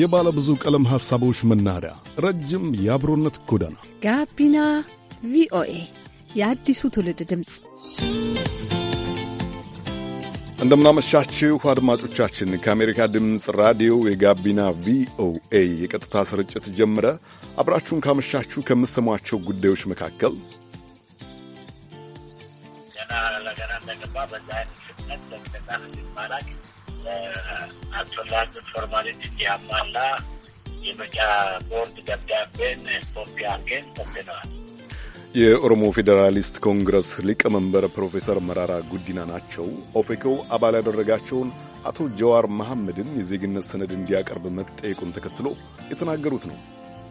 የባለ ብዙ ቀለም ሐሳቦች መናኸሪያ፣ ረጅም የአብሮነት ጎዳና፣ ጋቢና ቪኦኤ የአዲሱ ትውልድ ድምፅ። እንደምናመሻችሁ አድማጮቻችን፣ ከአሜሪካ ድምፅ ራዲዮ የጋቢና ቪኦኤ የቀጥታ ስርጭት ጀምረ። አብራችሁን ካመሻችሁ ከምትሰሟቸው ጉዳዮች መካከል ገና ለገና እንደገባ በዛ ፍጥነት አስፈላጊ ፎርማሊቲ እንዲያሟላ የምርጫ ቦርድ ደብዳቤን ኮፒ አድርገን ተብትነዋል። የኦሮሞ ፌዴራሊስት ኮንግረስ ሊቀመንበር ፕሮፌሰር መራራ ጉዲና ናቸው። ኦፌኮ አባል ያደረጋቸውን አቶ ጀዋር መሐመድን የዜግነት ሰነድ እንዲያቀርብ መጠየቁን ተከትሎ የተናገሩት ነው።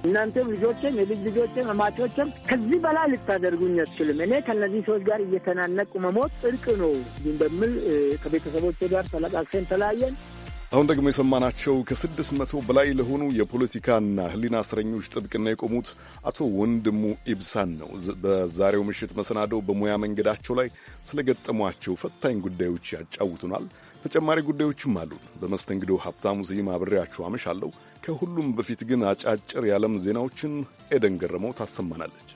እናንተም ልጆችም፣ የልጅ ልጆችም፣ አማቾችም ከዚህ በላይ ልታደርጉኝ አትችልም። እኔ ከነዚህ ሰዎች ጋር እየተናነቁ መሞት እርቅ ነው እንደምል ከቤተሰቦች ጋር ተለቃቅሰን ተለያየን። አሁን ደግሞ የሰማናቸው ከስድስት መቶ በላይ ለሆኑ የፖለቲካና ሕሊና እስረኞች ጥብቅና የቆሙት አቶ ወንድሙ ኢብሳን ነው። በዛሬው ምሽት መሰናዶ በሙያ መንገዳቸው ላይ ስለገጠሟቸው ፈታኝ ጉዳዮች ያጫውቱናል። ተጨማሪ ጉዳዮችም አሉ። በመስተንግዶ ሀብታሙ ዜማ አብሬያችሁ አመሻለሁ። ከሁሉም በፊት ግን አጫጭር የዓለም ዜናዎችን ኤደን ገረመው ታሰማናለች።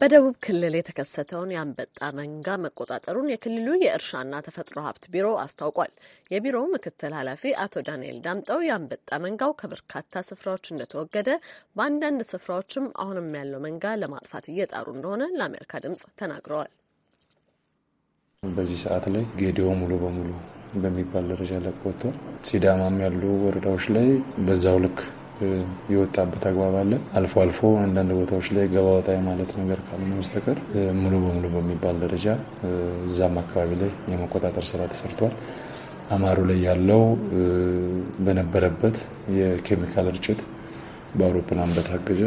በደቡብ ክልል የተከሰተውን የአንበጣ መንጋ መቆጣጠሩን የክልሉ የእርሻና ተፈጥሮ ሀብት ቢሮ አስታውቋል። የቢሮው ምክትል ኃላፊ አቶ ዳንኤል ዳምጠው የአንበጣ መንጋው ከበርካታ ስፍራዎች እንደተወገደ፣ በአንዳንድ ስፍራዎችም አሁንም ያለው መንጋ ለማጥፋት እየጣሩ እንደሆነ ለአሜሪካ ድምጽ ተናግረዋል። በዚህ ሰዓት ላይ ጌዲዮ ሙሉ በሙሉ በሚባል ደረጃ ለቆቶ ሲዳማም ያሉ ወረዳዎች ላይ በዛው ልክ የወጣበት አግባብ አለ። አልፎ አልፎ አንዳንድ ቦታዎች ላይ ገባ ወጣ የማለት ነገር ካልሆነ በስተቀር ሙሉ በሙሉ በሚባል ደረጃ እዛም አካባቢ ላይ የመቆጣጠር ስራ ተሰርቷል። አማሩ ላይ ያለው በነበረበት የኬሚካል እርጭት በአውሮፕላን በታገዘ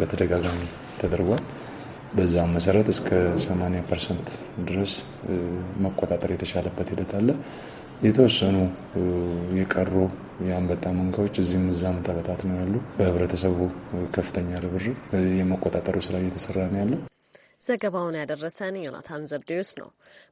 በተደጋጋሚ ተደርጓል። በዛም መሰረት እስከ 80 ፐርሰንት ድረስ መቆጣጠር የተቻለበት ሂደት አለ። የተወሰኑ የቀሩ የአንበጣ መንጋዎች እዚህም እዛም ነው ያሉ በህብረተሰቡ ከፍተኛ ርብር የመቆጣጠሩ ስራ እየተሰራ ነው ያለው። ዘገባውን ያደረሰን ዮናታን ዘብዴዎስ ነው።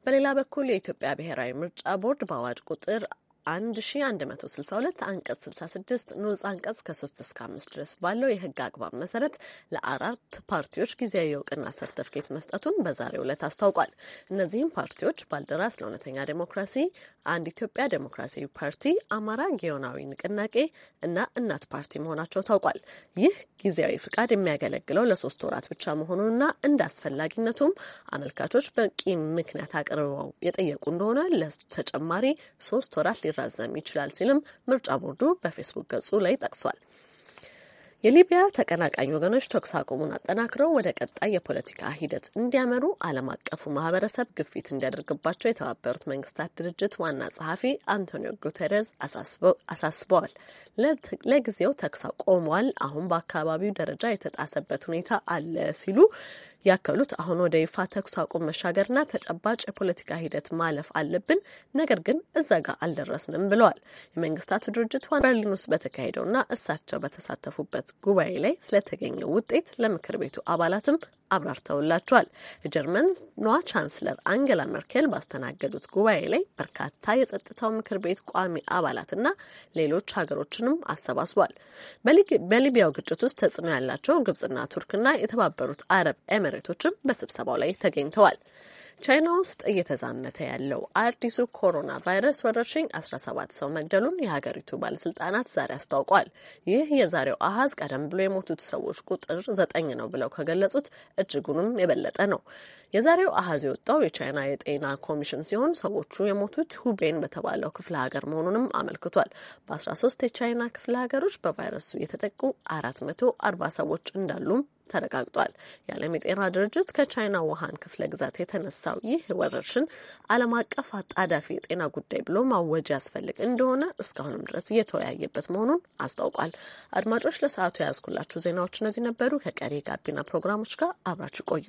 በሌላ በኩል የኢትዮጵያ ብሔራዊ ምርጫ ቦርድ በአዋጅ ቁጥር 1162 አንቀጽ 66 ንዑስ አንቀጽ ከ3 እስከ 5 ድረስ ባለው የህግ አግባብ መሰረት ለአራት ፓርቲዎች ጊዜያዊ የእውቅና ሰርተፍኬት መስጠቱን በዛሬው ዕለት አስታውቋል። እነዚህም ፓርቲዎች ባልደራስ ለእውነተኛ ዴሞክራሲ፣ አንድ ኢትዮጵያ ዴሞክራሲያዊ ፓርቲ፣ አማራ ጊዮናዊ ንቅናቄ እና እናት ፓርቲ መሆናቸው ታውቋል። ይህ ጊዜያዊ ፍቃድ የሚያገለግለው ለሶስት ወራት ብቻ መሆኑንና እንደ አስፈላጊነቱም አመልካቾች በቂ ምክንያት አቅርበው የጠየቁ እንደሆነ ለተጨማሪ ሶስት ወራት ሊራዘም ይችላል ሲልም ምርጫ ቦርዱ በፌስቡክ ገጹ ላይ ጠቅሷል። የሊቢያ ተቀናቃኝ ወገኖች ተኩስ አቁሙን አጠናክረው ወደ ቀጣይ የፖለቲካ ሂደት እንዲያመሩ ዓለም አቀፉ ማህበረሰብ ግፊት እንዲያደርግባቸው የተባበሩት መንግስታት ድርጅት ዋና ጸሐፊ አንቶኒዮ ጉተረዝ አሳስበዋል። ለጊዜው ተኩስ ቆሟል፣ አሁን በአካባቢው ደረጃ የተጣሰበት ሁኔታ አለ ሲሉ ያከሉት አሁን ወደ ይፋ ተኩስ አቁም መሻገርና ተጨባጭ የፖለቲካ ሂደት ማለፍ አለብን፣ ነገር ግን እዛ ጋር አልደረስንም ብለዋል። የመንግስታቱ ድርጅት ዋና በርሊን ውስጥ በተካሄደውና እሳቸው በተሳተፉበት ጉባኤ ላይ ስለተገኘው ውጤት ለምክር ቤቱ አባላትም አብራርተውላቸዋል። የጀርመኗ ቻንስለር አንገላ መርኬል ባስተናገዱት ጉባኤ ላይ በርካታ የጸጥታው ምክር ቤት ቋሚ አባላትና ሌሎች ሀገሮችንም አሰባስቧል። በሊቢያው ግጭት ውስጥ ተጽዕኖ ያላቸው ግብጽና ቱርክና የተባበሩት አረብ ኤምሬቶችም በስብሰባው ላይ ተገኝተዋል። ቻይና ውስጥ እየተዛመተ ያለው አዲሱ ኮሮና ቫይረስ ወረርሽኝ 17 ሰው መግደሉን የሀገሪቱ ባለስልጣናት ዛሬ አስታውቋል። ይህ የዛሬው አሀዝ ቀደም ብሎ የሞቱት ሰዎች ቁጥር ዘጠኝ ነው ብለው ከገለጹት እጅጉንም የበለጠ ነው። የዛሬው አሀዝ የወጣው የቻይና የጤና ኮሚሽን ሲሆን ሰዎቹ የሞቱት ሁቤን በተባለው ክፍለ ሀገር መሆኑንም አመልክቷል። በ13 የቻይና ክፍለ ሀገሮች በቫይረሱ የተጠቁ 440 ሰዎች እንዳሉም ተረጋግጧል። የዓለም የጤና ድርጅት ከቻይና ውሃን ክፍለ ግዛት የተነሳው ይህ ወረርሽን ዓለም አቀፍ አጣዳፊ የጤና ጉዳይ ብሎ ማወጅ ያስፈልግ እንደሆነ እስካሁንም ድረስ እየተወያየበት መሆኑን አስታውቋል። አድማጮች ለሰዓቱ የያዝኩላችሁ ዜናዎች እነዚህ ነበሩ። ከቀሪ ጋቢና ፕሮግራሞች ጋር አብራችሁ ቆዩ።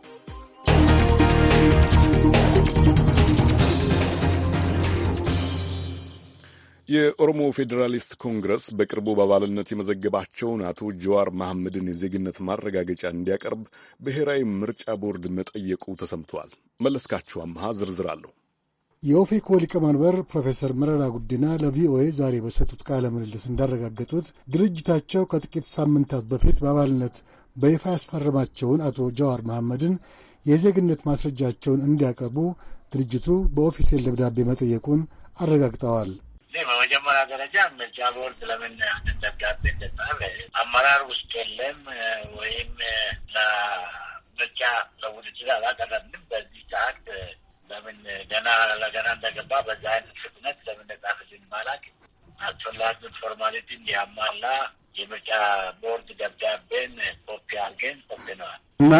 የኦሮሞ ፌዴራሊስት ኮንግረስ በቅርቡ በአባልነት የመዘገባቸውን አቶ ጀዋር መሐመድን የዜግነት ማረጋገጫ እንዲያቀርብ ብሔራዊ ምርጫ ቦርድ መጠየቁ ተሰምተዋል። መለስካችሁ አምሃ ዝርዝር አለሁ። የኦፌኮ ሊቀመንበር ፕሮፌሰር መረራ ጉዲና ለቪኦኤ ዛሬ በሰጡት ቃለ ምልልስ እንዳረጋገጡት ድርጅታቸው ከጥቂት ሳምንታት በፊት በአባልነት በይፋ ያስፈረማቸውን አቶ ጀዋር መሐመድን የዜግነት ማስረጃቸውን እንዲያቀርቡ ድርጅቱ በኦፊሴል ደብዳቤ መጠየቁን አረጋግጠዋል። በመጀመሪያ ደረጃ ምርጫ ቦርድ ለምን ደብዳቤ እንደጻፈ አመራር ውስጥ የለም ወይም ለምርጫ ለውድድር አላቀረብንም። በዚህ ሰዓት ለምን ገና ለገና እንደገባ በዛ አይነት ፍጥነት ለምን የምርጫ ቦርድ ደብዳቤን ኮፒ አድርገን ኮፒነዋል እና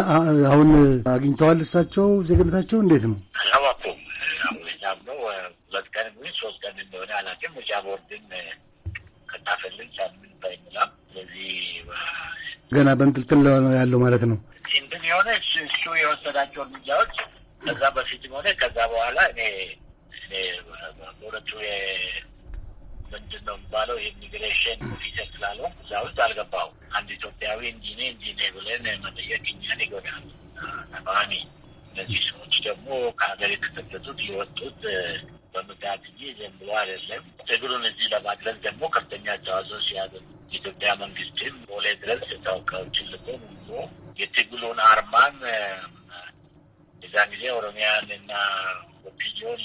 አሁን አግኝተዋል። እሳቸው ዜግነታቸው እንዴት ነው? አላወኩም አሁን የሳምነው ሁለት ቀን ምን ሶስት ቀን እንደሆነ አላውቅም። ምርጫ ቦርድን ከታፈልን ሳምንት ስለዚህ ገና በንጥልጥል ያለው ማለት ነው። እንትን የሆነ እሱ የወሰዳቸው እርምጃዎች ከዛ በፊትም ሆነ ከዛ በኋላ እኔ በሁለቱ ምንድን ነው የሚባለው የኢሚግሬሽን ኦፊሰር ስላለ እዛ ውስጥ አልገባው አንድ ኢትዮጵያዊ እንዲኔ እንዲኔ ብለን መጠየቅ እኛን ይጎዳል ተቃዋሚ እነዚህ ሰዎች ደግሞ ከሀገር የተሰደዱት የወጡት በምጋት ጊዜ ዝም ብሎ አይደለም። ትግሉን እዚህ ለማድረስ ደግሞ ከፍተኛ ተዋጽኦ ሲያደርጉ ኢትዮጵያ መንግስትም ቦሌ ድረስ ተወካዮችን ልኮ ብሎ የትግሉን አርማን የዛ ጊዜ ኦሮሚያን እና ኦፒኒዮን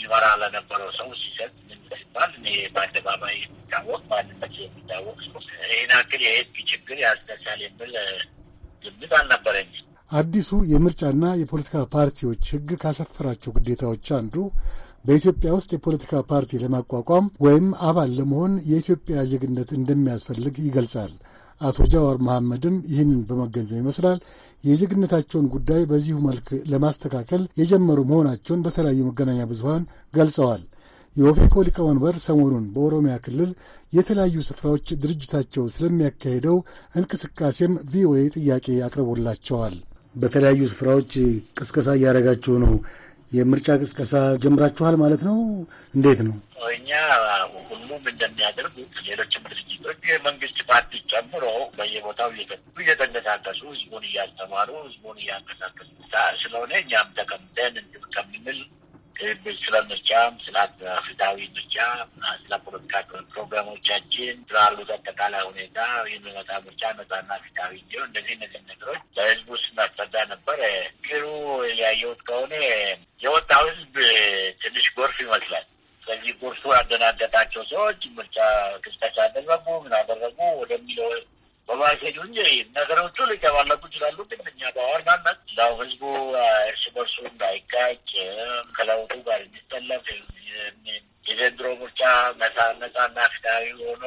ሊመራ ለነበረው ሰው ሲሰጥ ምን ሲባል እኔ በአደባባይ የሚታወቅ ማንነት የሚታወቅ ይህን አክል የህዝብ ችግር ያስነሳል የሚል ግምት አልነበረኝም። አዲሱ የምርጫና የፖለቲካ ፓርቲዎች ሕግ ካሰፈራቸው ግዴታዎች አንዱ በኢትዮጵያ ውስጥ የፖለቲካ ፓርቲ ለማቋቋም ወይም አባል ለመሆን የኢትዮጵያ ዜግነት እንደሚያስፈልግ ይገልጻል። አቶ ጃዋር መሐመድም ይህንን በመገንዘብ ይመስላል የዜግነታቸውን ጉዳይ በዚሁ መልክ ለማስተካከል የጀመሩ መሆናቸውን በተለያዩ መገናኛ ብዙሀን ገልጸዋል። የኦፌኮ ሊቀመንበር ሰሞኑን በኦሮሚያ ክልል የተለያዩ ስፍራዎች ድርጅታቸው ስለሚያካሄደው እንቅስቃሴም ቪኦኤ ጥያቄ አቅርቦላቸዋል። በተለያዩ ስፍራዎች ቅስቀሳ እያደረጋችሁ ነው። የምርጫ ቅስቀሳ ጀምራችኋል ማለት ነው? እንዴት ነው? እኛ ሁሉም እንደሚያደርጉት ሌሎችም ድርጅቶች የመንግስት ፓርቲ ጨምሮ በየቦታው እየገቡ እየተንቀሳቀሱ ህዝቡን እያስተማሩ ህዝቡን እያንቀሳቀሱ ስለሆነ እኛም ተቀምጠን እንድም ከምንል ቅብል ስለ ምርጫም፣ ስለ ፍትሃዊ ምርጫ፣ ስለ ፖለቲካ ፕሮግራሞቻችን ስላሉት አጠቃላይ ሁኔታ የሚመጣ ምርጫ ነጻና ፍትሃዊ እንዲሆን እንደዚህ እነዚህ ነገሮች ለህዝቡ ስናስረዳ ነበር። ግሩ ያየሁት ከሆነ የወጣው ህዝብ ትንሽ ጎርፍ ይመስላል። ስለዚህ ጎርፉ ያደናገጣቸው ሰዎች ምርጫ ክስተት አደረጉ ምን አደረጉ ወደሚለው በባሽ ሄዱ ነገሮቹ ሊገባለቁ ይችላሉ። ግን እኛ በዋናነት ዛው ህዝቡ እርስ በርሱ እንዳይጋጭ ከለውጡ ጋር እንዲጠለፍ የዘንድሮ ምርጫ ነጻና ፍትሃዊ ሆኖ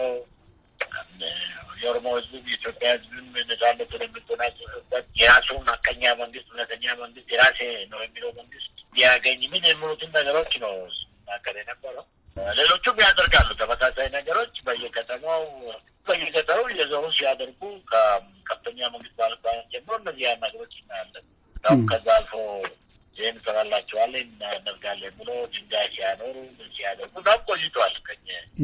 የኦሮሞ ህዝብም የኢትዮጵያ ህዝብም ነጻነቱን የምትናጭበት የራሱን ሀቀኛ መንግስት እውነተኛ መንግስት የራሴ ነው የሚለው መንግስት ሊያገኝ ምን የሚሉትን ነገሮች ነው ማከል የነበረው። ሌሎቹም ያደርጋሉ ተመሳሳይ ነገሮች በየከተማው ሲያደርጉ ከከፍተኛ መንግስት ባለስልጣናት ጀምሮ እነዚህ ያ ነገሮች እናያለን። ከዛ አልፎ ይህን እንሰራላቸዋለን እናደርጋለን ብሎ ድንጋይ ሲያኖሩ ሲያደርጉ ቆይተዋል።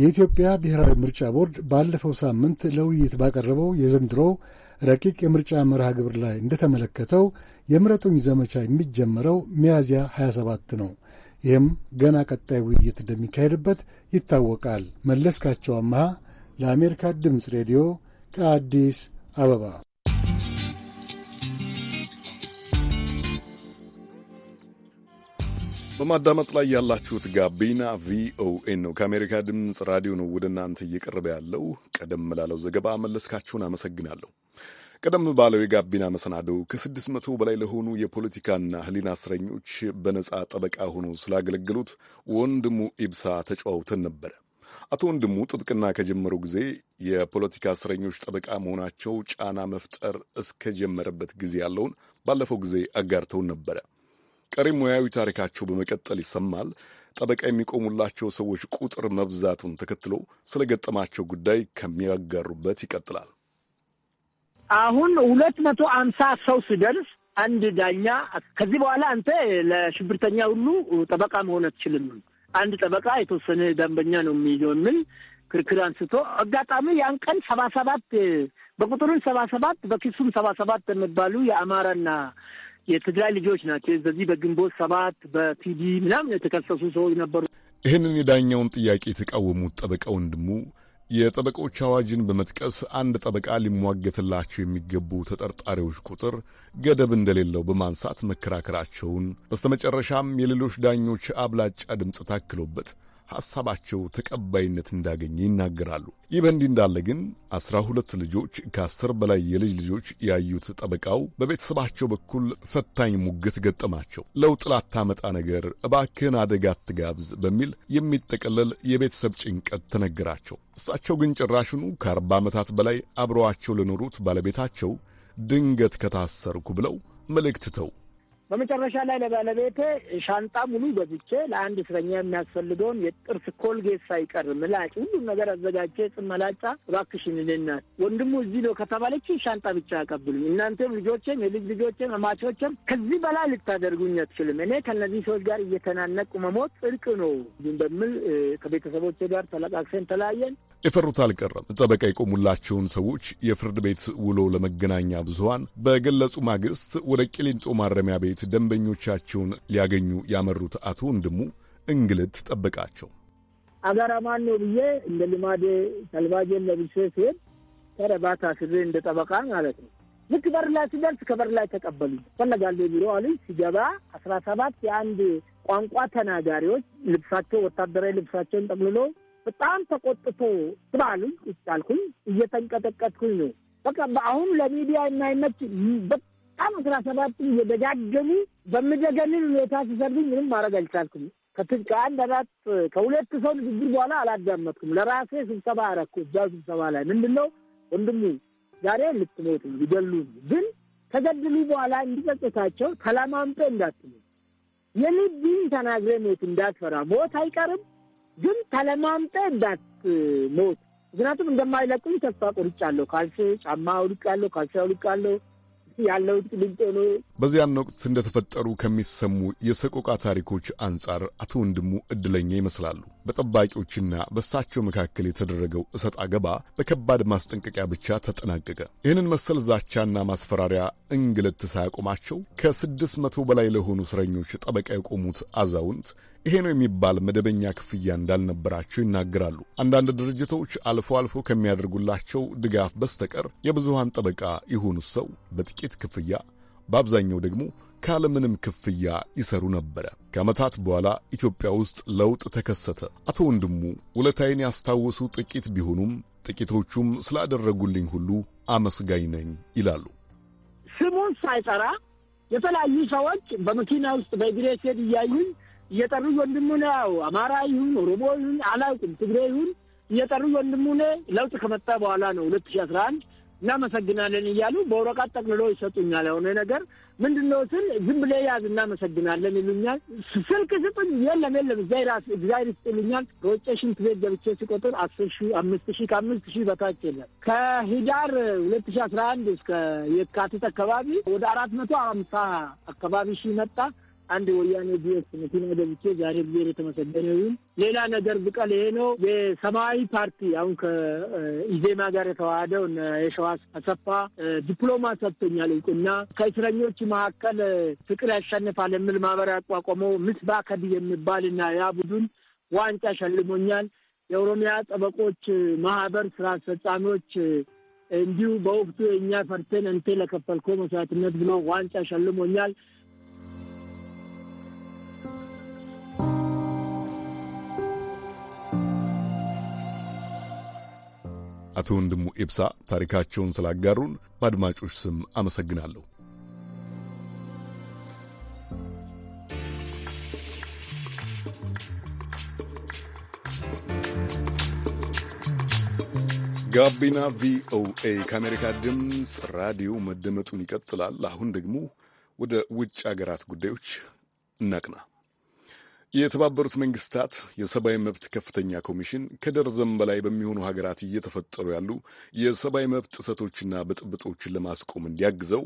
የኢትዮጵያ ብሔራዊ ምርጫ ቦርድ ባለፈው ሳምንት ለውይይት ባቀረበው የዘንድሮ ረቂቅ የምርጫ መርሃ ግብር ላይ እንደተመለከተው የምረጡኝ ዘመቻ የሚጀመረው ሚያዝያ 27 ነው። ይህም ገና ቀጣይ ውይይት እንደሚካሄድበት ይታወቃል። መለስካቸው አመሃ ለአሜሪካ ድምፅ ሬዲዮ ከአዲስ አበባ። በማዳመጥ ላይ ያላችሁት ጋቢና ቪኦኤ ነው። ከአሜሪካ ድምፅ ራዲዮ ነው ወደ እናንተ እየቀረበ ያለው። ቀደም ላለው ዘገባ መለስካችሁን አመሰግናለሁ። ቀደም ባለው የጋቢና መሰናዶ ከስድስት መቶ በላይ ለሆኑ የፖለቲካና ሕሊና እስረኞች በነጻ ጠበቃ ሆኖ ስላገለገሉት ወንድሙ ኢብሳ ተጨዋውተን ነበረ። አቶ ወንድሙ ጥብቅና ከጀመሩ ጊዜ የፖለቲካ እስረኞች ጠበቃ መሆናቸው ጫና መፍጠር እስከጀመረበት ጊዜ ያለውን ባለፈው ጊዜ አጋርተውን ነበረ። ቀሪ ሙያዊ ታሪካቸው በመቀጠል ይሰማል። ጠበቃ የሚቆሙላቸው ሰዎች ቁጥር መብዛቱን ተከትሎ ስለ ገጠማቸው ጉዳይ ከሚያጋሩበት ይቀጥላል። አሁን ሁለት መቶ አምሳ ሰው ሲደርስ አንድ ዳኛ ከዚህ በኋላ አንተ ለሽብርተኛ ሁሉ ጠበቃ መሆን አትችልም አንድ ጠበቃ የተወሰነ ደንበኛ ነው የሚይዘው የሚል ክርክር አንስቶ አጋጣሚ ያን ቀን ሰባ ሰባት በቁጥሩን ሰባ ሰባት በኪሱም ሰባ ሰባት የሚባሉ የአማራና የትግራይ ልጆች ናቸው። በዚህ በግንቦት ሰባት በቲዲ ምናምን የተከሰሱ ሰዎች ነበሩ። ይህንን የዳኛውን ጥያቄ የተቃወሙት ጠበቃ ወንድሙ የጠበቆች አዋጅን በመጥቀስ አንድ ጠበቃ ሊሟገትላቸው የሚገቡ ተጠርጣሪዎች ቁጥር ገደብ እንደሌለው በማንሳት መከራከራቸውን በስተመጨረሻም የሌሎች ዳኞች አብላጫ ድምፅ ታክሎበት ሐሳባቸው ተቀባይነት እንዳገኘ ይናገራሉ። ይህ በእንዲህ እንዳለ ግን አስራ ሁለት ልጆች ከአስር በላይ የልጅ ልጆች ያዩት ጠበቃው በቤተሰባቸው በኩል ፈታኝ ሙግት ገጠማቸው። ለውጥ ላታመጣ ነገር እባክህን አደጋ አትጋብዝ በሚል የሚጠቀለል የቤተሰብ ጭንቀት ተነገራቸው። እሳቸው ግን ጭራሽኑ ከአርባ ዓመታት በላይ አብረዋቸው ለኖሩት ባለቤታቸው ድንገት ከታሰርኩ ብለው መልእክት ተው በመጨረሻ ላይ ለባለቤቴ ሻንጣ ሙሉ ገዝቼ ለአንድ እስረኛ የሚያስፈልገውን የጥርስ ኮልጌት ሳይቀር ምላጭ፣ ሁሉም ነገር አዘጋጀ። ጽመላጫ መላጫ እባክሽን ልናት ወንድሙ እዚህ ነው ከተባለች ሻንጣ ብቻ ያቀብሉኝ። እናንተም ልጆቼም፣ የልጅ ልጆቼም፣ አማቾችም ከዚህ በላይ ልታደርጉኝ አትችልም። እኔ ከእነዚህ ሰዎች ጋር እየተናነቁ መሞት ጽድቅ ነው በሚል ከቤተሰቦቼ ጋር ተለቃቅሰን ተለያየን። የፈሩት አልቀረም። ጠበቃ የቆሙላቸውን ሰዎች የፍርድ ቤት ውሎ ለመገናኛ ብዙሀን በገለጹ ማግስት ወደ ቂሊንጦ ማረሚያ ቤት ቤት ደንበኞቻቸውን ሊያገኙ ያመሩት አቶ ወንድሙ እንግልት ጠበቃቸው። አጋራ ማን ነው ብዬ እንደ ልማዴ ተልባጄን ለብሼ ሲሄድ ተረባ ስሬ እንደ ጠበቃ ማለት ነው። ልክ በር ላይ ሲደርስ ከበር ላይ ተቀበሉ። ፈለጋለሁ ቢሮ አሉኝ። ሲገባ አስራ ሰባት የአንድ ቋንቋ ተናጋሪዎች ልብሳቸው ወታደራዊ ልብሳቸውን ጠቅልሎ በጣም ተቆጥቶ ስባሉኝ። ቁጭ አልኩኝ። እየተንቀጠቀጥኩኝ ነው። በቃ አሁን ለሚዲያ የማይመች በጣም አስራ ሰባት እየደጋገሙ በምዘገንን ሁኔታ ሲሰርብኝ ምንም ማድረግ አልቻልኩም። ከአንድ አራት ከሁለት ሰው ንግግር በኋላ አላዳመጥኩም። ለራሴ ስብሰባ አረኩ። እዛ ስብሰባ ላይ ምንድን ነው ወንድሙ ዛሬ ልትሞት ይገሉ ግን ከገድሉ በኋላ እንዲጸጽታቸው ተለማምጦ እንዳትሞ የልብን ተናግረ ሞት እንዳትፈራ ሞት አይቀርም ግን ተለማምጠ እንዳትሞት ምክንያቱም እንደማይለቁኝ ተስፋ ቆርጫለሁ። ካልሲ ጫማ አውልቃለሁ፣ ካልሲ ያለሁ ያለው ቂሊንጦ ነው። በዚያን ወቅት እንደተፈጠሩ ከሚሰሙ የሰቆቃ ታሪኮች አንጻር አቶ ወንድሙ እድለኛ ይመስላሉ። በጠባቂዎችና በእሳቸው መካከል የተደረገው እሰጥ አገባ በከባድ ማስጠንቀቂያ ብቻ ተጠናቀቀ። ይህንን መሰል ዛቻና ማስፈራሪያ እንግልት ሳያቆማቸው ከስድስት መቶ በላይ ለሆኑ እስረኞች ጠበቃ የቆሙት አዛውንት ይሄ ነው የሚባል መደበኛ ክፍያ እንዳልነበራቸው ይናገራሉ። አንዳንድ ድርጅቶች አልፎ አልፎ ከሚያደርጉላቸው ድጋፍ በስተቀር የብዙሃን ጠበቃ የሆኑት ሰው በጥቂት ክፍያ፣ በአብዛኛው ደግሞ ካለምንም ክፍያ ይሰሩ ነበረ። ከዓመታት በኋላ ኢትዮጵያ ውስጥ ለውጥ ተከሰተ። አቶ ወንድሙ ውለታዬን ያስታወሱ ጥቂት ቢሆኑም ጥቂቶቹም ስላደረጉልኝ ሁሉ አመስጋኝ ነኝ ይላሉ። ስሙን ሳይጠራ የተለያዩ ሰዎች በመኪና ውስጥ በእግሬ ሴድ እያዩኝ እየጠሩ ወንድሙ ያው አማራ ይሁን ኦሮሞ ይሁን አላውቅም፣ ትግሬ ይሁን እየጠሩ ወንድሙ ለውጥ ከመጣ በኋላ ነው ሁለት ሺህ አስራ አንድ እናመሰግናለን እያሉ በወረቀት ጠቅልሎ ይሰጡኛል። የሆነ ነገር ምንድን ነው ስል ዝም ብለህ ያዝ እናመሰግናለን ይሉኛል። ስልክ ስጡኝ፣ የለም የለም እግዚአብሔር ይስጥ ይሉኛል። ከውጭ ሽንት ቤት ገብቼ ሲቆጥር አስር ሺህ አምስት ሺህ ከአምስት ሺህ በታች የለም። ከሂዳር ሁለት ሺህ አስራ አንድ እስከ የካቲት አካባቢ ወደ አራት መቶ አምሳ አካባቢ ሺህ መጣ። አንድ ወያኔ ቢስ መኪና ገብቼ ዛሬ ብሔር ይሁን። ሌላ ነገር ብቀል ይሄ ነው። የሰማያዊ ፓርቲ አሁን ከኢዜማ ጋር የተዋሃደው የሸዋስ አሰፋ ዲፕሎማ ሰጥቶኛል እውቅና ከእስረኞች መካከል ፍቅር ያሸንፋል የሚል ማህበር ያቋቋመው የሚባል የሚባልና ያ ቡድን ዋንጫ ሸልሞኛል። የኦሮሚያ ጠበቆች ማህበር ስራ አስፈጻሚዎች እንዲሁ በወቅቱ የእኛ ፈርተን እንቴ ለከፈልኮ መስዋዕትነት ብሎ ዋንጫ ሸልሞኛል። አቶ ወንድሙ ኤብሳ ታሪካቸውን ስላጋሩን በአድማጮች ስም አመሰግናለሁ። ጋቢና ቪኦኤ ከአሜሪካ ድምፅ ራዲዮ መደመጡን ይቀጥላል። አሁን ደግሞ ወደ ውጭ አገራት ጉዳዮች እናቅና። የተባበሩት መንግስታት የሰብአዊ መብት ከፍተኛ ኮሚሽን ከደርዘን በላይ በሚሆኑ ሀገራት እየተፈጠሩ ያሉ የሰብአዊ መብት ጥሰቶችና ብጥብጦችን ለማስቆም እንዲያግዘው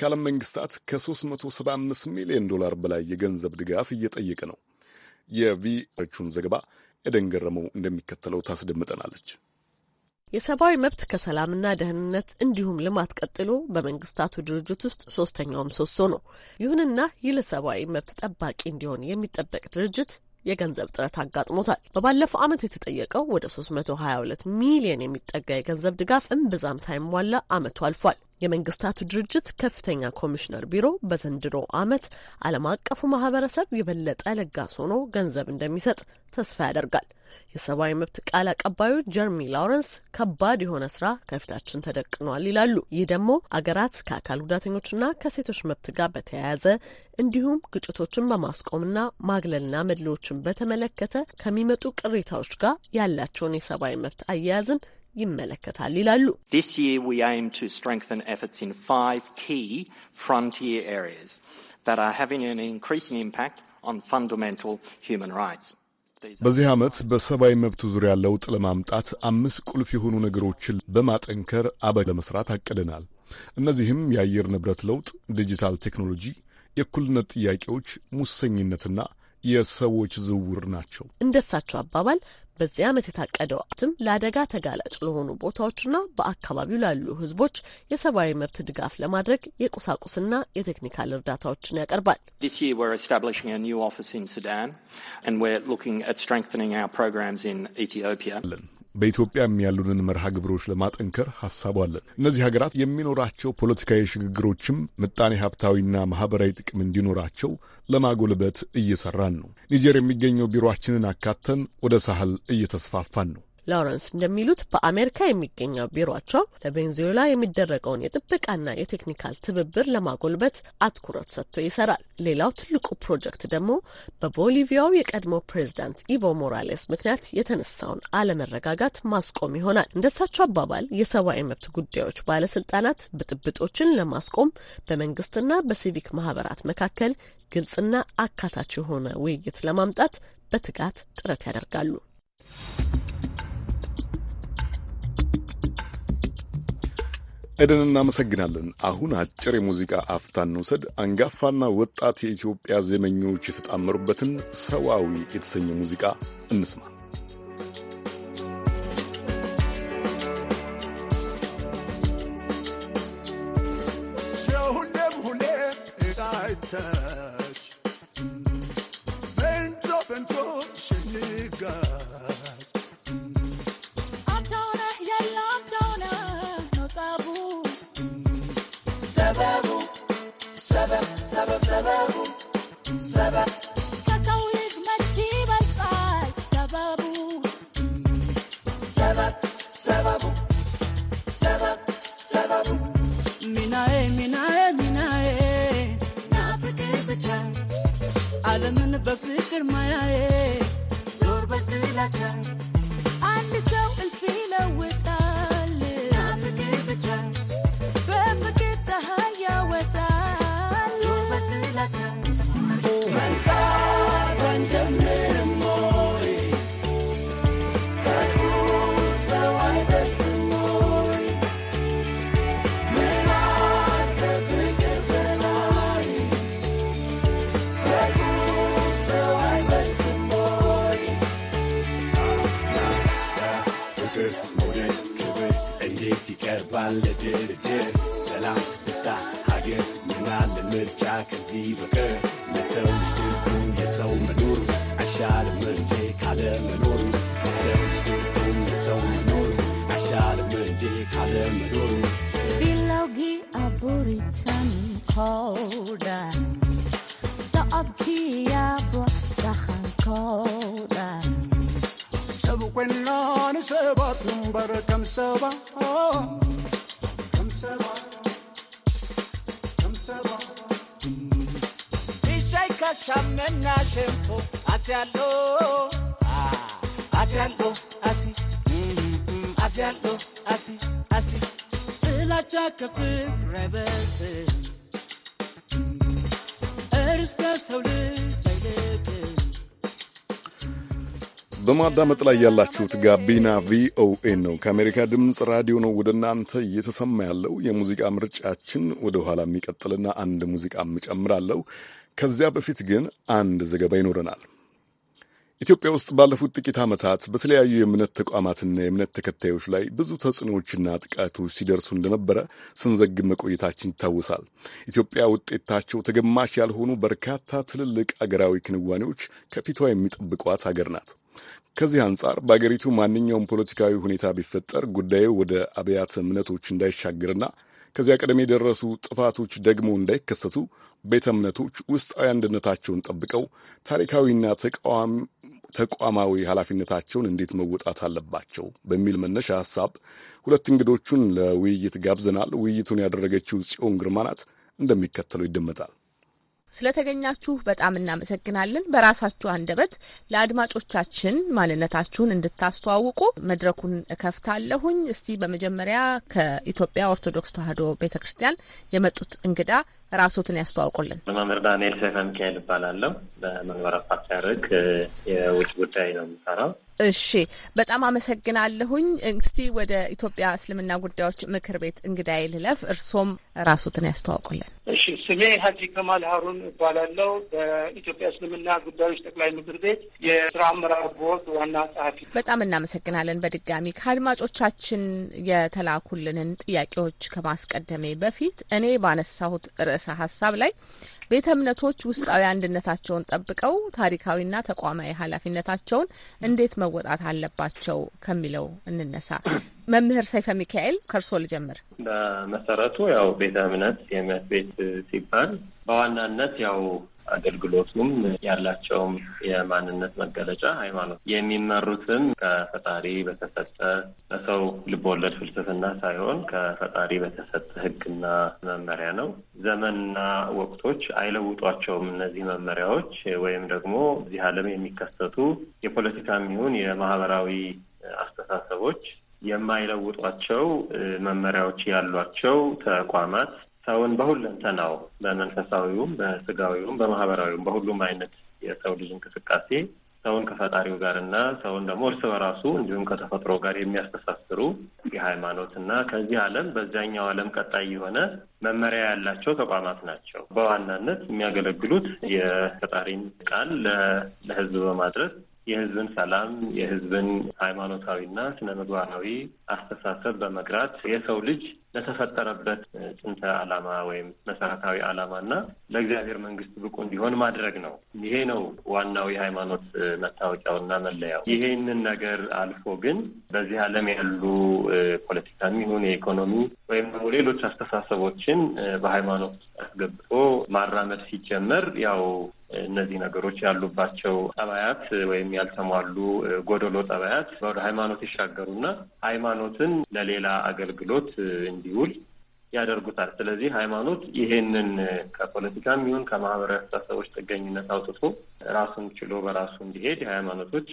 ከዓለም መንግስታት ከ375 ሚሊዮን ዶላር በላይ የገንዘብ ድጋፍ እየጠየቀ ነው። የቪኦኤቹን ዘገባ ኤደን ገረመው እንደሚከተለው ታስደምጠናለች። የሰብአዊ መብት ከሰላምና ደህንነት እንዲሁም ልማት ቀጥሎ በመንግስታቱ ድርጅት ውስጥ ሶስተኛው ምሰሶ ነው። ይሁንና ይህ ለሰብአዊ መብት ጠባቂ እንዲሆን የሚጠበቅ ድርጅት የገንዘብ ጥረት አጋጥሞታል። በባለፈው ዓመት የተጠየቀው ወደ 322 ሚሊዮን የሚጠጋ የገንዘብ ድጋፍ እምብዛም ሳይሟላ ዓመቱ አልፏል። የመንግስታቱ ድርጅት ከፍተኛ ኮሚሽነር ቢሮ በዘንድሮ ዓመት ዓለም አቀፉ ማህበረሰብ የበለጠ ለጋስ ሆኖ ገንዘብ እንደሚሰጥ ተስፋ ያደርጋል። የሰብአዊ መብት ቃል አቀባዩ ጀርሚ ላውረንስ ከባድ የሆነ ስራ ከፊታችን ተደቅኗል ይላሉ። ይህ ደግሞ አገራት ከአካል ጉዳተኞችና ከሴቶች መብት ጋር በተያያዘ እንዲሁም ግጭቶችን በማስቆምና ማግለልና መድሎችን በተመለከተ ከሚመጡ ቅሬታዎች ጋር ያላቸውን የሰብአዊ መብት አያያዝን ይመለከታል ይላሉ። በዚህ ዓመት በሰብአዊ መብት ዙሪያ ለውጥ ለማምጣት አምስት ቁልፍ የሆኑ ነገሮችን በማጠንከር አበ ለመስራት አቅደናል። እነዚህም የአየር ንብረት ለውጥ፣ ዲጂታል ቴክኖሎጂ፣ የእኩልነት ጥያቄዎች፣ ሙሰኝነትና የሰዎች ዝውውር ናቸው። እንደሳቸው አባባል በዚህ ዓመት የታቀደው አትም ለአደጋ ተጋላጭ ለሆኑ ቦታዎችና በአካባቢው ላሉ ህዝቦች የሰብአዊ መብት ድጋፍ ለማድረግ የቁሳቁስና የቴክኒካል እርዳታዎችን ያቀርባል። በኢትዮጵያም ያሉንን መርሃ ግብሮች ለማጠንከር ሀሳቡ አለን። እነዚህ ሀገራት የሚኖራቸው ፖለቲካዊ ሽግግሮችም ምጣኔ ሀብታዊና ማህበራዊ ጥቅም እንዲኖራቸው ለማጎልበት እየሰራን ነው። ኒጀር የሚገኘው ቢሮአችንን አካተን ወደ ሳህል እየተስፋፋን ነው። ላውረንስ እንደሚሉት በአሜሪካ የሚገኘው ቢሮቸው ለቬንዙዌላ የሚደረገውን የጥበቃና የቴክኒካል ትብብር ለማጎልበት አትኩረት ሰጥቶ ይሰራል። ሌላው ትልቁ ፕሮጀክት ደግሞ በቦሊቪያው የቀድሞ ፕሬዚዳንት ኢቮ ሞራሌስ ምክንያት የተነሳውን አለመረጋጋት ማስቆም ይሆናል። እንደሳቸው አባባል የሰብአዊ መብት ጉዳዮች ባለስልጣናት ብጥብጦችን ለማስቆም በመንግስትና በሲቪክ ማህበራት መካከል ግልጽና አካታች የሆነ ውይይት ለማምጣት በትጋት ጥረት ያደርጋሉ። ኤደን እናመሰግናለን። አሁን አጭር የሙዚቃ አፍታን እንውሰድ። አንጋፋና ወጣት የኢትዮጵያ ዜመኞች የተጣመሩበትን ሰዋዊ የተሰኘ ሙዚቃ እንስማ። በጥላቻ ዓለምን በፍቅር ማያዬ ዞር በጥላቻ አንድ ሰው እልፍ ይለውጣል ፍቅር ብቻ በፍቅር ፀሐይ ያወጣል ዞር በጥላቻ ባለጀ ልጀ ሰላም ደስታ ሀገር ምናለ ምርጫ ከዚህ በቀር ለሰው ልጅ የሰው መኖር አይሻልም እንዴ ካለ መኖር ለሰው ልጅ የሰው መኖር አይሻልም እንዴ ካለ መኖር ቢላውጊ አቡሪታን ኮዳ ሰዓትኪያቦ ሳኻን ኮዳ سبق النار سبق بركم سبق ሸመናሸንፎ አስያሎ አስያሎ አሲ አስያሎ አሲ አሲ ጥላቻ ከፍቅር አይበልጥም እርስ ከሰው ልጅ አይልቅም በማዳመጥ ላይ ያላችሁት ጋቢና ቪኦኤ ነው። ከአሜሪካ ድምፅ ራዲዮ ነው ወደ እናንተ እየተሰማ ያለው። የሙዚቃ ምርጫችን ወደ ኋላ የሚቀጥልና አንድ ሙዚቃ እጨምራለሁ። ከዚያ በፊት ግን አንድ ዘገባ ይኖረናል። ኢትዮጵያ ውስጥ ባለፉት ጥቂት ዓመታት በተለያዩ የእምነት ተቋማትና የእምነት ተከታዮች ላይ ብዙ ተጽዕኖዎችና ጥቃቶች ሲደርሱ እንደነበረ ስንዘግብ መቆየታችን ይታወሳል። ኢትዮጵያ ውጤታቸው ተገማሽ ያልሆኑ በርካታ ትልልቅ አገራዊ ክንዋኔዎች ከፊቷ የሚጠብቋት አገር ናት። ከዚህ አንጻር በአገሪቱ ማንኛውም ፖለቲካዊ ሁኔታ ቢፈጠር ጉዳዩ ወደ አብያተ እምነቶች እንዳይሻገርና ከዚያ ቀደም የደረሱ ጥፋቶች ደግሞ እንዳይከሰቱ ቤተ እምነቶች ውስጣዊ አንድነታቸውን ጠብቀው ታሪካዊና ተቋማዊ ኃላፊነታቸውን እንዴት መወጣት አለባቸው በሚል መነሻ ሀሳብ ሁለት እንግዶቹን ለውይይት ጋብዘናል። ውይይቱን ያደረገችው ጽዮን ግርማናት እንደሚከተሉ እንደሚከተለው ይደመጣል። ስለተገኛችሁ በጣም እናመሰግናለን። በራሳችሁ አንደበት ለአድማጮቻችን ማንነታችሁን እንድታስተዋውቁ መድረኩን እከፍታለሁኝ። እስቲ በመጀመሪያ ከኢትዮጵያ ኦርቶዶክስ ተዋሕዶ ቤተ ክርስቲያን የመጡት እንግዳ ራሶትን ያስተዋውቁልን። መምህር ዳንኤል ሰይፈ ሚካኤል እባላለሁ። በመንበረ ፓትርያርክ የውጭ ጉዳይ ነው የምሰራው። እሺ፣ በጣም አመሰግናለሁኝ። እስቲ ወደ ኢትዮጵያ እስልምና ጉዳዮች ምክር ቤት እንግዳዬ ልለፍ። እርሶም ራሶትን ያስተዋውቁልን። እሺ፣ ስሜ ሀጂ ከማል ሀሩን እባላለሁ። በኢትዮጵያ እስልምና ጉዳዮች ጠቅላይ ምክር ቤት የስራ አመራር ቦርድ ዋና ጸሐፊ። በጣም እናመሰግናለን። በድጋሚ ከአድማጮቻችን የተላኩልንን ጥያቄዎች ከማስቀደሜ በፊት እኔ ባነሳሁት ርዕስ ርዕሰ ሀሳብ ላይ ቤተ እምነቶች ውስጣዊ አንድነታቸውን ጠብቀው ታሪካዊና ተቋማዊ ኃላፊነታቸውን እንዴት መወጣት አለባቸው ከሚለው እንነሳ። መምህር ሰይፈ ሚካኤል ከእርሶ ልጀምር። በመሰረቱ ያው ቤተ እምነት የእምነት ቤት ሲባል በዋናነት ያው አገልግሎቱም ያላቸውም የማንነት መገለጫ ሃይማኖት የሚመሩትም ከፈጣሪ በተሰጠ በሰው ልቦወለድ ፍልስፍና ሳይሆን ከፈጣሪ በተሰጠ ሕግና መመሪያ ነው። ዘመንና ወቅቶች አይለውጧቸውም። እነዚህ መመሪያዎች ወይም ደግሞ እዚህ ዓለም የሚከሰቱ የፖለቲካም ይሁን የማህበራዊ አስተሳሰቦች የማይለውጧቸው መመሪያዎች ያሏቸው ተቋማት ሰውን በሁለንተናው በመንፈሳዊውም፣ በስጋዊውም፣ በማህበራዊውም በሁሉም አይነት የሰው ልጅ እንቅስቃሴ ሰውን ከፈጣሪው ጋር እና ሰውን ደግሞ እርስ በራሱ እንዲሁም ከተፈጥሮ ጋር የሚያስተሳስሩ የሃይማኖት እና ከዚህ ዓለም በዚኛው ዓለም ቀጣይ የሆነ መመሪያ ያላቸው ተቋማት ናቸው። በዋናነት የሚያገለግሉት የፈጣሪን ቃል ለሕዝብ በማድረስ የህዝብን ሰላም የህዝብን ሃይማኖታዊና ስነ ምግባራዊ አስተሳሰብ በመግራት የሰው ልጅ ለተፈጠረበት ጽንሰ ዓላማ ወይም መሰረታዊ ዓላማና ለእግዚአብሔር መንግስት ብቁ እንዲሆን ማድረግ ነው። ይሄ ነው ዋናው የሃይማኖት መታወቂያውና መለያው። ይሄንን ነገር አልፎ ግን በዚህ ዓለም ያሉ ፖለቲካም ይሁን የኢኮኖሚ ወይም ደግሞ ሌሎች አስተሳሰቦችን በሃይማኖት አስገብቶ ማራመድ ሲጀመር ያው እነዚህ ነገሮች ያሉባቸው ጠባያት ወይም ያልተሟሉ ጎደሎ ጠባያት ወደ ሃይማኖት ይሻገሩና ሃይማኖትን ለሌላ አገልግሎት እንዲውል ያደርጉታል። ስለዚህ ሃይማኖት ይሄንን ከፖለቲካም ይሁን ከማህበራዊ አስተሳሰቦች ጥገኝነት አውጥቶ ራሱን ችሎ በራሱ እንዲሄድ የሃይማኖቶች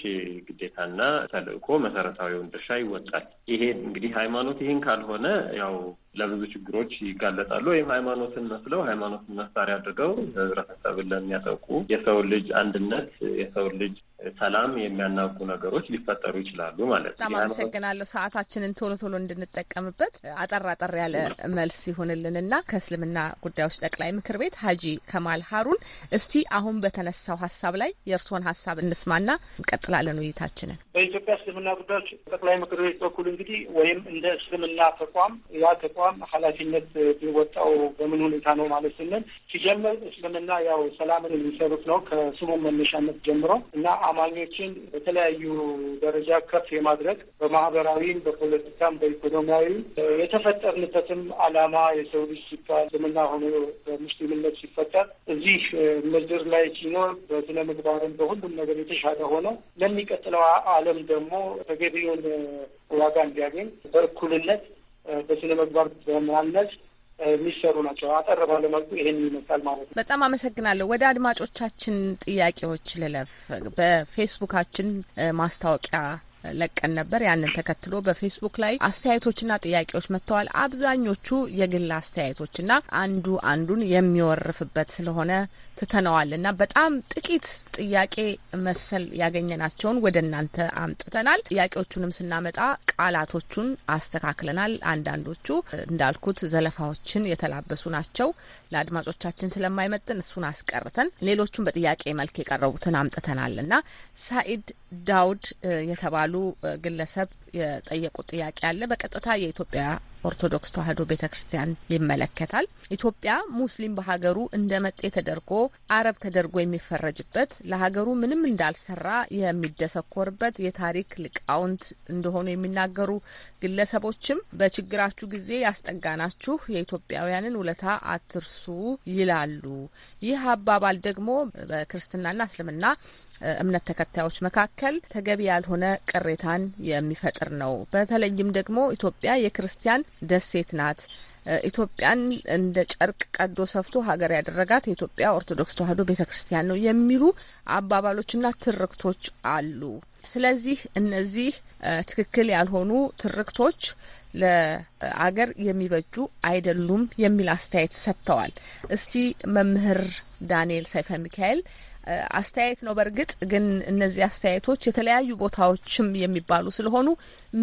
ግዴታና ተልእኮ መሰረታዊውን ድርሻ ይወጣል። ይሄ እንግዲህ ሃይማኖት ይህን ካልሆነ ያው ለብዙ ችግሮች ይጋለጣሉ። ወይም ሃይማኖትን መስለው ሃይማኖትን መሳሪያ አድርገው ህብረተሰብን ለሚያጠቁ የሰው ልጅ አንድነት የሰው ልጅ ሰላም የሚያናጉ ነገሮች ሊፈጠሩ ይችላሉ ማለት ነው። በጣም አመሰግናለሁ። ሰዓታችንን ቶሎ ቶሎ እንድንጠቀምበት አጠር አጠር ያለ መልስ እና ከእስልምና ጉዳዮች ጠቅላይ ምክር ቤት ሀጂ ከማል ሀሩን እስቲ አሁን በተነሳው ሀሳብ ላይ የእርስዎን ሀሳብ እንስማና እንቀጥላለን ውይይታችንን። በኢትዮጵያ እስልምና ጉዳዮች ጠቅላይ ምክር ቤት በኩል እንግዲህ ወይም እንደ እስልምና ተቋም ያ ተቋም ኃላፊነት ቢወጣው በምን ሁኔታ ነው ማለት ስንል ሲጀምር እስልምና ያው ሰላምን የሚሰሩት ነው ከስሙ መነሻነት ጀምሮ እና አማኞችን በተለያዩ ደረጃ ከፍ የማድረግ በማህበራዊም፣ በፖለቲካም፣ በኢኮኖሚያዊም የተፈጠርንበትም አላማ የሰው ልጅ ሲባል ስምና ሆኖ በሙስሊምነት ሲፈጠር እዚህ ምድር ላይ ሲኖር በስነ ምግባርም በሁሉም ነገር የተሻለ ሆኖ ለሚቀጥለው ዓለም ደግሞ ተገቢውን ዋጋ እንዲያገኝ በእኩልነት በስነ ምግባር በማነጽ የሚሰሩ ናቸው። አጠር ባለ መልኩ ይሄን ይመስላል ማለት ነው። በጣም አመሰግናለሁ። ወደ አድማጮቻችን ጥያቄዎች ልለፍ። በፌስቡካችን ማስታወቂያ ለቀን ነበር። ያንን ተከትሎ በፌስቡክ ላይ አስተያየቶችና ጥያቄዎች መጥተዋል። አብዛኞቹ የግል አስተያየቶችና አንዱ አንዱን የሚወርፍበት ስለሆነ ትተነዋል እና በጣም ጥቂት ጥያቄ መሰል ያገኘናቸውን ወደ እናንተ አምጥተናል። ጥያቄዎቹንም ስናመጣ ቃላቶቹን አስተካክለናል። አንዳንዶቹ እንዳልኩት ዘለፋዎችን የተላበሱ ናቸው። ለአድማጮቻችን ስለማይመጥን እሱን አስቀርተን ሌሎቹን በጥያቄ መልክ የቀረቡትን አምጥተናል እና ሳኢድ ዳውድ የተባሉ የሚባሉ ግለሰብ የጠየቁ ጥያቄ አለ። በቀጥታ የኢትዮጵያ ኦርቶዶክስ ተዋሕዶ ቤተ ክርስቲያን ይመለከታል። ኢትዮጵያ ሙስሊም በሀገሩ እንደ መጤ ተደርጎ አረብ ተደርጎ የሚፈረጅበት ለሀገሩ ምንም እንዳልሰራ የሚደሰኮርበት የታሪክ ሊቃውንት እንደሆኑ የሚናገሩ ግለሰቦችም በችግራችሁ ጊዜ ያስጠጋናችሁ የኢትዮጵያውያንን ውለታ አትርሱ ይላሉ። ይህ አባባል ደግሞ በክርስትናና እስልምና እምነት ተከታዮች መካከል ተገቢ ያልሆነ ቅሬታን የሚፈጥር ነው። በተለይም ደግሞ ኢትዮጵያ የክርስቲያን ደሴት ናት። ኢትዮጵያን እንደ ጨርቅ ቀዶ ሰፍቶ ሀገር ያደረጋት የኢትዮጵያ ኦርቶዶክስ ተዋሕዶ ቤተ ክርስቲያን ነው የሚሉ አባባሎችና ትርክቶች አሉ። ስለዚህ እነዚህ ትክክል ያልሆኑ ትርክቶች ለአገር የሚበጁ አይደሉም የሚል አስተያየት ሰጥተዋል። እስቲ መምህር ዳንኤል ሰይፈ ሚካኤል አስተያየት ነው። በእርግጥ ግን እነዚህ አስተያየቶች የተለያዩ ቦታዎችም የሚባሉ ስለሆኑ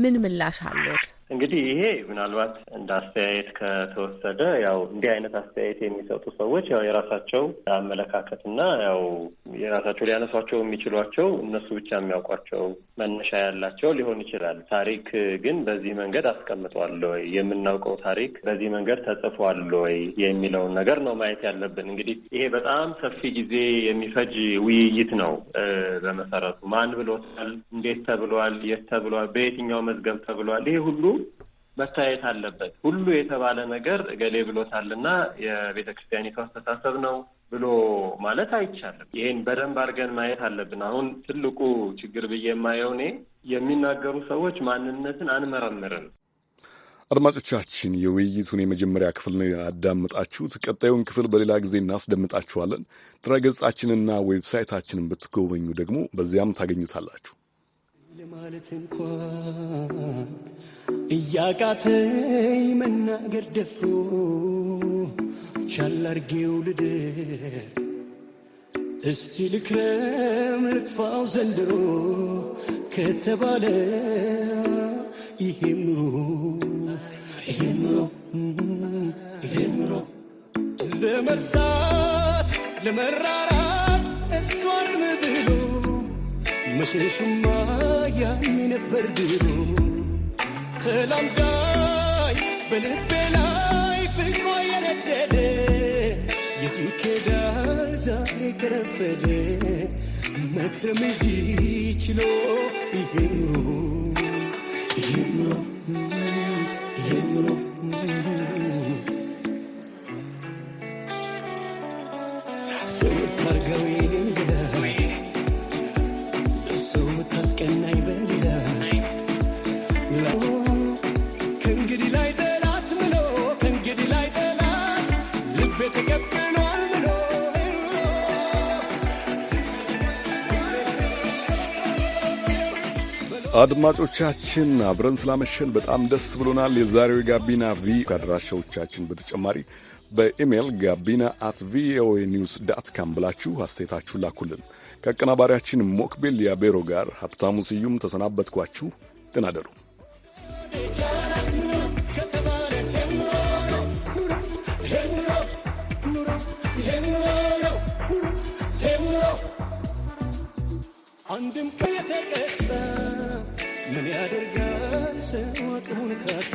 ምን ምላሽ አለት? እንግዲህ ይሄ ምናልባት እንደ አስተያየት ከተወሰደ ያው እንዲህ አይነት አስተያየት የሚሰጡ ሰዎች ያው የራሳቸው አመለካከትና ያው የራሳቸው ሊያነሷቸው የሚችሏቸው እነሱ ብቻ የሚያውቋቸው መነሻ ያላቸው ሊሆን ይችላል። ታሪክ ግን በዚህ መንገድ አስቀምጧል ወይ የምናውቀው ታሪክ በዚህ መንገድ ተጽፏል ወይ የሚለውን ነገር ነው ማየት ያለብን። እንግዲህ ይሄ በጣም ሰፊ ጊዜ የሚፈጅ ውይይት ነው። በመሰረቱ ማን ብሎታል፣ እንዴት ተብሏል፣ የት ተብሏል፣ በየትኛው መዝገብ ተብሏል፣ ይሄ ሁሉ መታየት አለበት። ሁሉ የተባለ ነገር እገሌ ብሎታልና የቤተ ክርስቲያኒቱ አስተሳሰብ ነው ብሎ ማለት አይቻልም። ይህን በደንብ አድርገን ማየት አለብን። አሁን ትልቁ ችግር ብዬ የማየው እኔ የሚናገሩ ሰዎች ማንነትን አንመረምርም። አድማጮቻችን የውይይቱን የመጀመሪያ ክፍል ነው ያዳምጣችሁት። ቀጣዩን ክፍል በሌላ ጊዜ እናስደምጣችኋለን። ድረገጻችንና ዌብሳይታችንን ብትጎበኙ ደግሞ በዚያም ታገኙታላችሁ። እያቃተይ መናገር ደፍሮ ቻላርጌው ልድ እስቲ ልክረም ልግፋው ዘንድሮ ከተባለ ይሄምሮ ኑሮ ለመርሳት ለመራራት እሷንም ብሎ መሸሹማ ያኔ ነበር ተላምዳኝ በልቤ ላይ ፍቅሯ የነደደ የቲኬዳር ዛሬ ከረፈደ መክረም እንጂ ችሎ ይሄ ኑሮ ይሄ ኑሮ ይሄ ኑሮ አድማጮቻችን አብረን ስላመሸን በጣም ደስ ብሎናል። የዛሬው የጋቢና ቪ አድራሻዎቻችን በተጨማሪ በኢሜይል ጋቢና አት ቪኦኤ ኒውስ ዳት ካም ብላችሁ አስተያየታችሁን ላኩልን። ከአቀናባሪያችን ሞክቤል ያቤሮ ጋር ሀብታሙ ስዩም ተሰናበትኳችሁ። ትናደሩ። አንድም ምን ያደርጋል ሰው አቅሙን ካጣ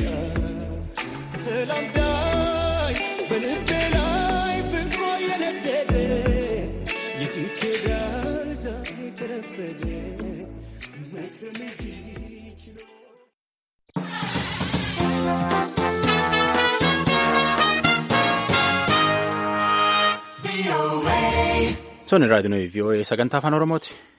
ትላንዳይ በልቤ ላይ ፍቅሯ የነደደ የት ዛሬ Sono in Radio Noi